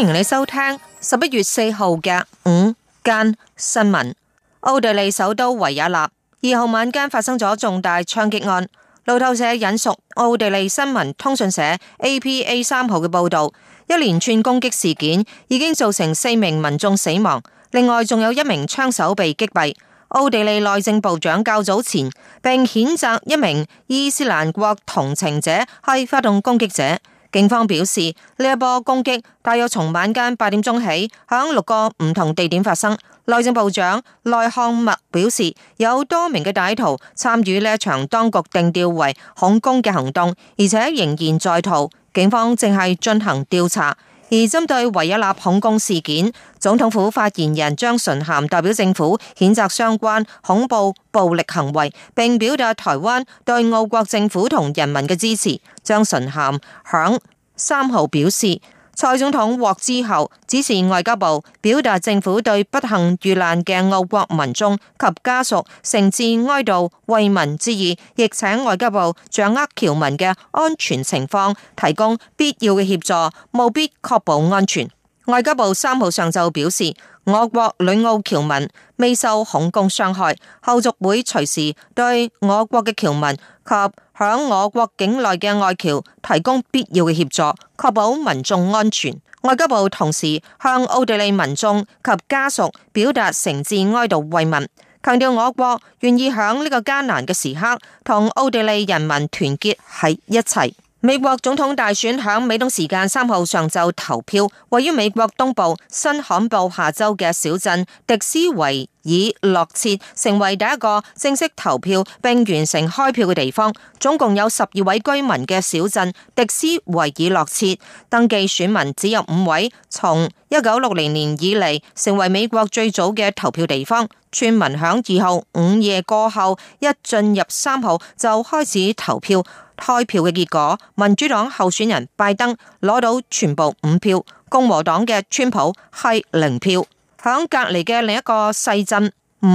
歡迎你收聽十一月四號嘅午間新聞。奧地利首都維也納二號晚間發生咗重大槍擊案。路透社引述奧地利新聞通訊社 APA 三號嘅報道，一連串攻擊事件已經造成四名民眾死亡，另外仲有一名槍手被擊斃。奧地利內政部長較早前並譴責一名伊斯蘭國同情者係發動攻擊者。警方表示，呢一波攻擊大約從晚間八點鐘起，響六個唔同地點發生。內政部長內漢默表示，有多名嘅歹徒參與呢一場當局定調為恐攻嘅行動，而且仍然在逃。警方正係進行調查。而針對維也納恐攻事件，總統府發言人張純涵代表政府譴責相關恐怖暴力行為，並表達台灣對奧國政府同人民嘅支持。張純涵響三號表示。蔡總統獲知後，指示外交部表達政府對不幸遇難嘅奧國民眾及家屬誠摯哀悼、慰問之意，亦請外交部掌握僑民嘅安全情況，提供必要嘅協助，務必確保安全。外交部三號上晝表示，我國旅奧僑民未受恐攻傷害，後續會隨時對我國嘅僑民及響我國境內嘅外僑提供必要嘅協助，確保民眾安全。外交部同時向奧地利民眾及家屬表達誠摯哀悼慰問，強調我國願意響呢個艱難嘅時刻同奧地利人民團結喺一齊。美國總統大選響美東時間三號上晝投票，位於美國東部新罕布夏州嘅小鎮迪斯維爾諾切成為第一個正式投票並完成開票嘅地方。總共有十二位居民嘅小鎮迪斯維爾諾切登記選民只有五位從。一九六零年以嚟，成為美國最早嘅投票地方。村民響二號午夜過後，一進入三號就開始投票。開票嘅結果，民主黨候選人拜登攞到全部五票，共和黨嘅川普係零票。響隔籬嘅另一個細鎮米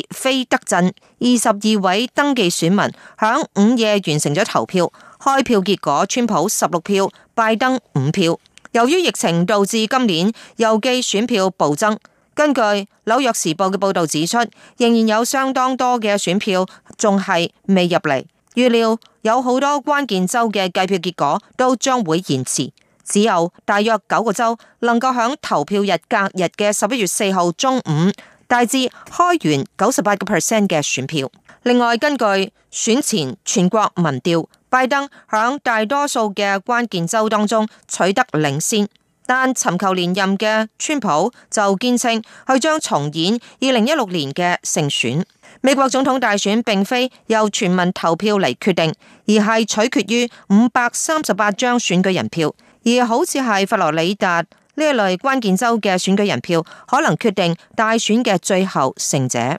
爾菲德鎮，二十二位登記選民響午夜完成咗投票。開票結果，川普十六票，拜登五票。由於疫情導致今年郵寄選票暴增，根據紐約時報嘅報道指出，仍然有相當多嘅選票仲係未入嚟，預料有好多關鍵州嘅計票結果都將會延遲。只有大約九個州能夠響投票日隔日嘅十一月四號中午大致開完九十八個 percent 嘅選票。另外，根據選前全國民調，拜登喺大多數嘅關鍵州當中取得領先，但尋求連任嘅川普就堅稱佢將重演二零一六年嘅勝選。美國總統大選並非由全民投票嚟決定，而係取決於五百三十八張選舉人票，而好似係佛羅里達呢一類關鍵州嘅選舉人票，可能決定大選嘅最後勝者。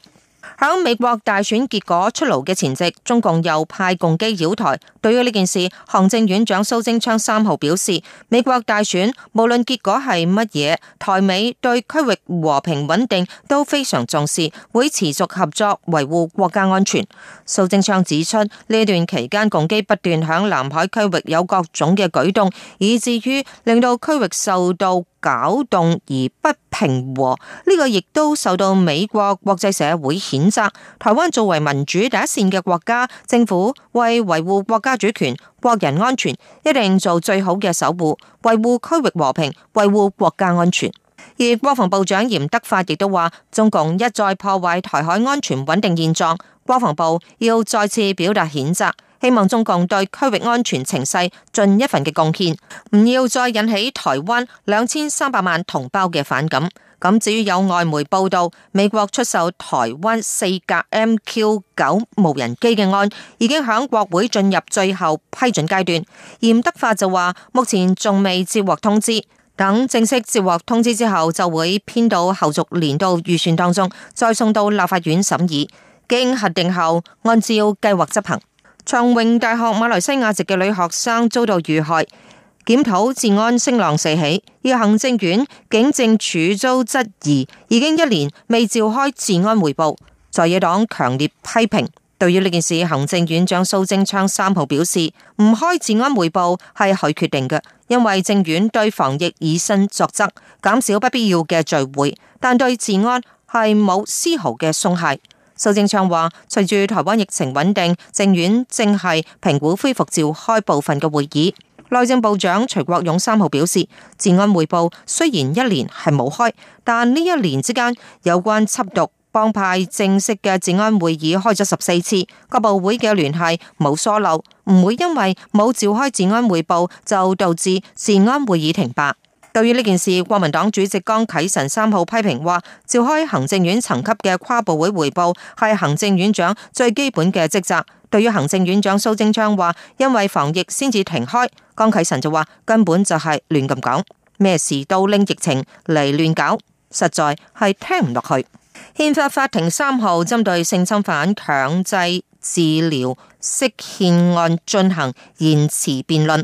喺美國大選結果出爐嘅前夕，中共又派共機擾台。對於呢件事，行政院長蘇貞昌三號表示，美國大選無論結果係乜嘢，台美對區域和平穩定都非常重視，會持續合作維護國家安全。蘇貞昌指出，呢段期間共機不斷響南海區域有各種嘅舉動，以至於令到區域受到。攪動而不平和，呢個亦都受到美國國際社會譴責。台灣作為民主第一線嘅國家，政府為維護國家主權、國人安全，一定做最好嘅守護，維護區域和平，維護國家安全。而國防部長嚴德發亦都話：中共一再破壞台海安全穩定現狀，國防部要再次表達譴責。希望中共對區域安全情勢盡一份嘅貢獻，唔要再引起台灣兩千三百萬同胞嘅反感。咁至於有外媒報道美國出售台灣四架 MQ 九無人機嘅案，已經響國會進入最後批准階段。嚴德發就話，目前仲未接獲通知，等正式接獲通知之後就會編到後續年度預算當中，再送到立法院審議，經核定後按照計劃執行。長榮大學馬來西亞籍嘅女學生遭到遇害，檢討治安聲浪四起。而行政院警政署遭質疑，已經一年未召開治安會報，在野黨強烈批評。對於呢件事，行政院長蘇貞昌三號表示，唔開治安會報係佢決定嘅，因為政院對防疫以身作則，減少不必要嘅聚會，但對治安係冇絲毫嘅鬆懈。蘇貞昌話，隨住台灣疫情穩定，政院正係評估恢復召開部分嘅會議。內政部長徐國勇三號表示，治安匯報雖然一年係冇開，但呢一年之間有關緝毒幫派正式嘅治安會議開咗十四次，各部會嘅聯繫冇疏漏，唔會因為冇召開治安匯報就導致治安會議停辦。對於呢件事，國民黨主席江啟臣三號批評話，召開行政院層級嘅跨部會會報係行政院長最基本嘅職責。對於行政院長蘇貞昌話，因為防疫先至停開，江啟臣就話根本就係亂咁講，咩事都拎疫情嚟亂搞，實在係聽唔落去。憲法法庭三號針對性侵犯強制治療釋憲案進行言詞辯論，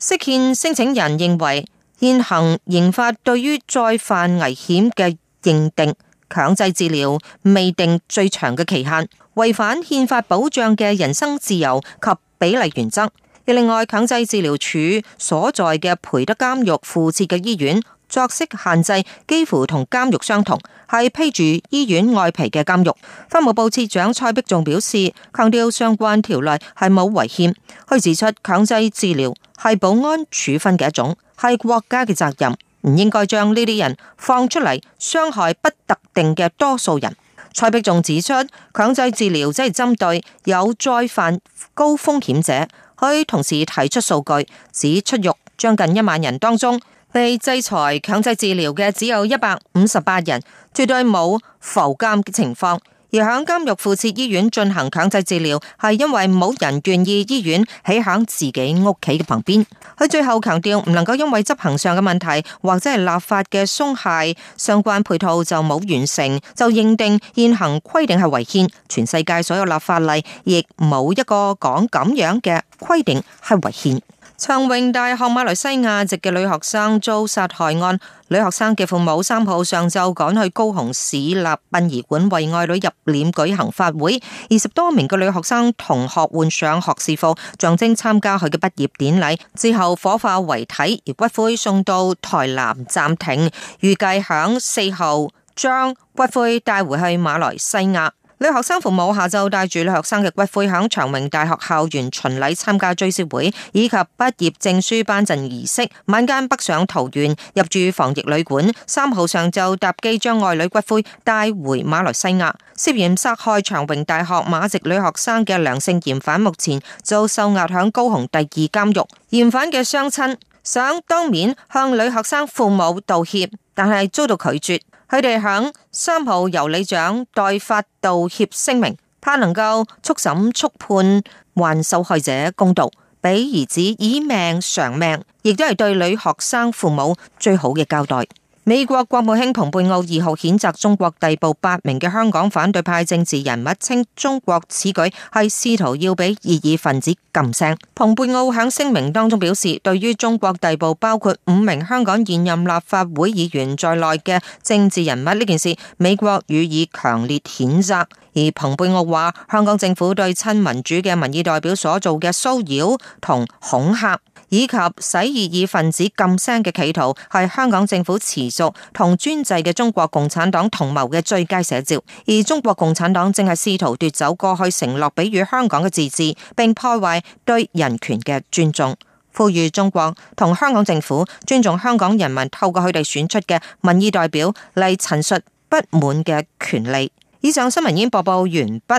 釋憲聲請人認為。現行刑法對於再犯危險嘅認定、強制治療未定最長嘅期限，違反憲法保障嘅人身自由及比例原則。而另外，強制治療處所在嘅培德監獄附設嘅醫院作息限制幾乎同監獄相同，係披住醫院外皮嘅監獄。法務部次長蔡碧仲表示，強調相關條例係冇違憲，佢指出強制治療，係保安處分嘅一種，係國家嘅責任，唔應該將呢啲人放出嚟傷害不特定嘅多數人。蔡碧仲指出，強制治療只係針對有再犯高風險者，佢同時提出數據，指出獄將近一萬人當中，被制裁強制治療嘅只有一百五十八人，絕對冇浮監嘅情況。而喺監獄附設醫院進行強制治療，係因為冇人願意醫院起響自己屋企嘅旁邊。佢最後強調，唔能夠因為執行上嘅問題，或者係立法嘅鬆懈，相關配套就冇完成，就認定現行規定係違憲。全世界所有立法例亦冇一個講咁樣嘅規定係違憲。曾長榮大學馬來西亞籍嘅女學生遭殺害案，女學生嘅父母三號上晝趕去高雄市立殯儀館為愛女入殮舉行法會，二十多名嘅女學生同學換上學士服，象徵參加佢嘅畢業典禮之後火化遺體，而骨灰送到台南暫停，預計響四號將骨灰帶回去馬來西亞。女學生父母下晝帶住女學生嘅骨灰響長榮大學校園巡禮，參加追思會以及畢業證書頒贈儀式。晚間北上桃園，入住防疫旅館。三號上晝搭機將愛女骨灰帶回馬來西亞。涉嫌殺害長榮大學馬籍女學生嘅梁姓嫌犯目前就受押響高雄第二監獄。嫌犯嘅雙親想當面向女學生父母道歉，但係遭到拒絕。佢哋響三號由里長代發道歉聲明，他能夠速審速判，還受害者公道，俾兒子以命償命，亦都係對女學生父母最好嘅交代。美國國務卿蓬佩奧二號譴責中國逮捕八名嘅香港反對派政治人物，稱中國此舉係試圖要俾異議分子噤聲。蓬佩奧喺聲明當中表示，對於中國逮捕包括五名香港現任立法會議員在內嘅政治人物呢件事，美國予以強烈譴責。而蓬佩奧話，香港政府對親民主嘅民意代表所做嘅騷擾同恐嚇，以及使異議分子噤聲嘅企圖，係香港政府持同專制嘅中國共產黨同謀嘅最佳寫照，而中國共產黨正係試圖奪走過去承諾給予香港嘅自治，並破壞對人權嘅尊重。呼籲中國同香港政府尊重香港人民透過佢哋選出嘅民意代表嚟陳述不滿嘅權利。以上新聞已經播報完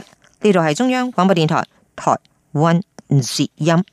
畢，呢度係中央廣播電台台灣之音。